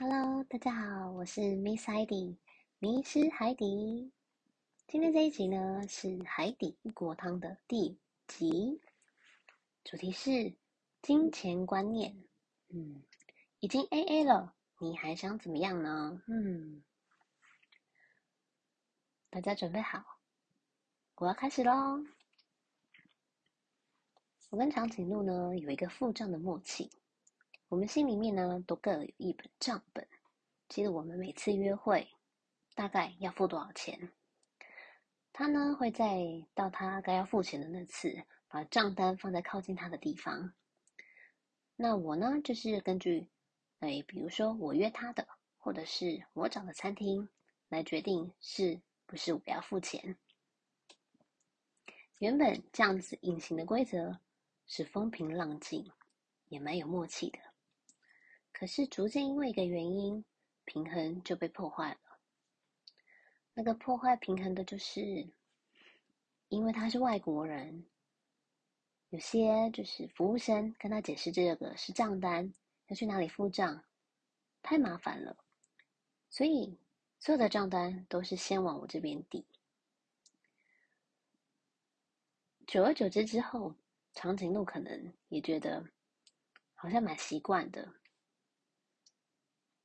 Hello，大家好，我是 Miss Heidi 迷失海底。今天這一集呢是《海底異國湯》的第五集。主題是金錢觀念。嗯，已經 AA 了，你還想怎麼樣呢？嗯，大家準備好，我要開始嘍。我跟長頸鹿呢有一個付賬的默契。我們心裡面呢，都各有一本賬本，記得我們每次約會大概要付多少錢。他呢，會在到他該要付錢的那次，把賬單放在靠近他的地方。那我呢，就是根據，哎，比如說我約他的，或者是我找的餐廳，來決定是不是我要付錢。原本這樣子隱形的規則是風平浪靜，也蠻有默契的。可是，逐漸因為一個原因，平衡就被破壞了。那個破壞平衡的就是，因為他是外國人，有些就是服務生跟他解釋這個是賬單，要去哪裡付賬，太麻煩了。所以，所有的賬單都是先往我這邊遞。久而久之之後，長頸鹿可能也覺得好像蠻習慣的。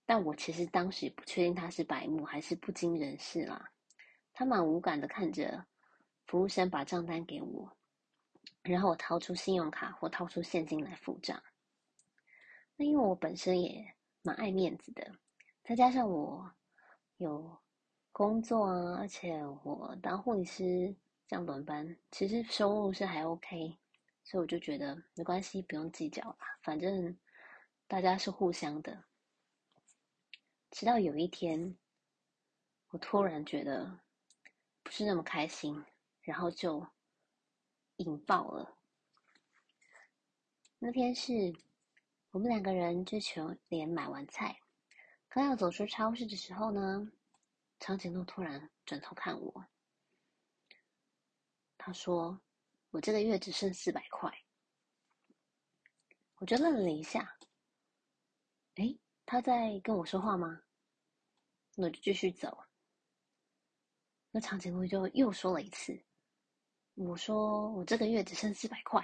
但我其實當時不確定他是白目還是不經人事啦，他蠻無感的看着服務生把賬單給我，然後我掏出信用卡或掏出現金來付賬。那因為我本身也蠻愛面子的，再加上我有工作啊，而且我當護理師這樣輪班，其實收入是還 OK，所以我就覺得沒關係，不用計較啦，反正大家是互相的。直到有一天，我突然覺得不是那麼開心，然後就引爆了。那天是我們兩個人去全聯買完菜，剛要走出超市的時候呢，長頸鹿突然轉頭看我，他說：“我這個月只剩四百塊。”我就愣了一下，哎，他在跟我說話嗎？我就繼續走。那長頸鹿就又說了一次：“我說我這個月只剩四百塊。”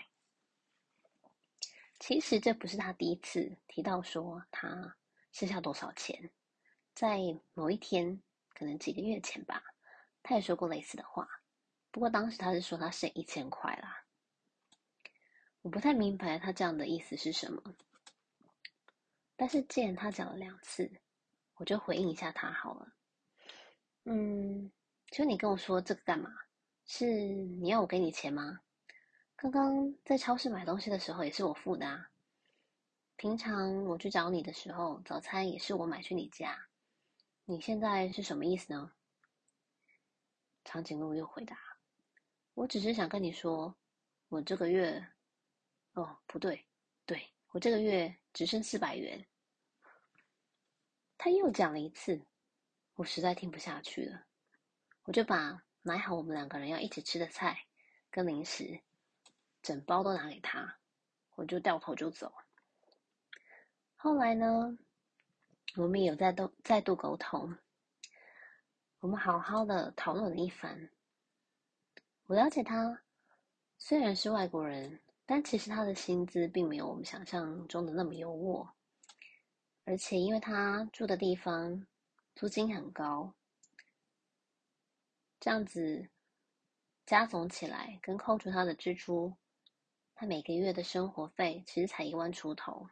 其實這不是他第一次提到說他剩下多少錢。在某一天，可能幾個月前吧，他也說過類似的話。不過當時他是說他剩一千塊啦。我不太明白他這樣的意思是什麼。但是既然他講了兩次，我就回應一下他好了。嗯，就你跟我說這個幹嘛？是你要我給你錢嗎？剛剛在超市買東西的時候也是我付的啊。平常我去找你的時候，早餐也是我買去你家。你現在是什麼意思呢？長頸鹿又回答：“我只是想跟你說，我這個月……哦，不對，對，我這個月只剩四百元。”他又講了一次，我實在聽不下去了，我就把買好我們兩個人要一起吃的菜跟零食，整包都拿給他，我就掉頭就走。後來呢，我們也有再度再度溝通，我們好好的討論了一番。我了解他，雖然是外國人，但其實他的薪資並沒有我們想象中的那麼優渥。而且，因為他住的地方租金很高，這樣子加總起來跟扣除他的支出，他每個月的生活費其實才一萬出頭。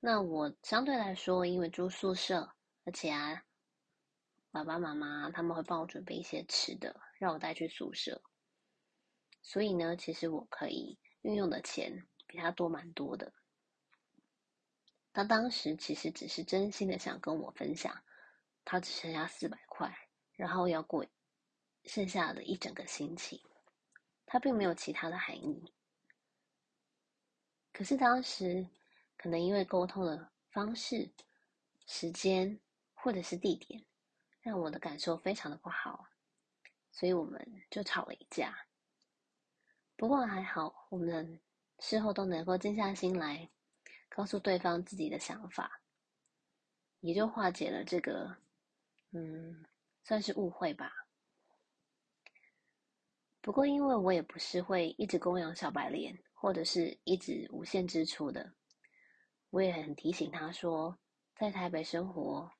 那我相對來說，因為住宿舍，而且啊，爸爸媽媽他們會幫我準備一些吃的，讓我帶去宿舍，所以呢，其實我可以運用的錢比他多蠻多的。他當時其實只是真心的想跟我分享，他只剩下四百塊，然後要過剩下的一整個星期，他並沒有其他的含義。可是當時可能因為溝通的方式、時間或者是地點，讓我的感受非常的不好，所以我們就吵了一架。不過還好，我們事後都能夠靜下心來。告訴對方自己的想法，也就化解了這個，嗯，算是誤會吧。不過，因為我也不是會一直供養小白臉，或者是一直無限支出的，我也很提醒他說，在台北生活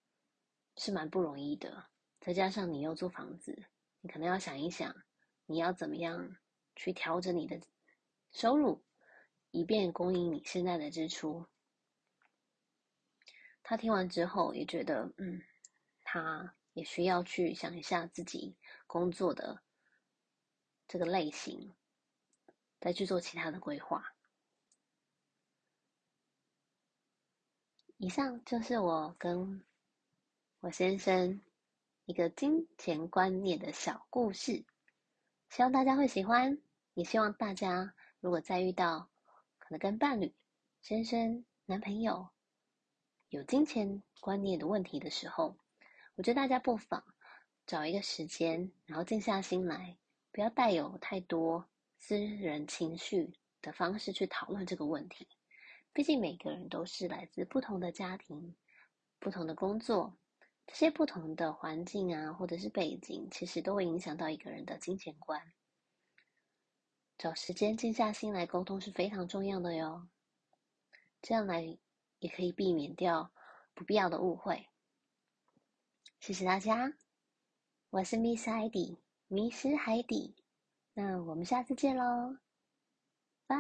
是蠻不容易的。再加上你又租房子，你可能要想一想，你要怎麼樣去調整你的收入。以便供應你現在的支出。他聽完之後也覺得，嗯，他也需要去想一下自己工作的這個類型，再去做其他的規劃。以上就是我跟我先生一個金錢觀念的小故事，希望大家會喜歡，也希望大家如果再遇到。跟伴侶、先生、生、男朋友有金錢觀念的問題的時候，我覺得大家不妨找一個時間，然後靜下心來，不要帶有太多私人情緒的方式去討論這個問題。畢竟每個人都是來自不同的家庭、不同的工作，這些不同的環境啊，或者是背景，其實都會影響到一個人的金錢觀。找時間靜下心來溝通是非常重要的喲，這樣來也可以避免掉不必要的誤會。謝謝大家，我是 Miss Heidi，迷失海底，那我們下次見嘍，拜。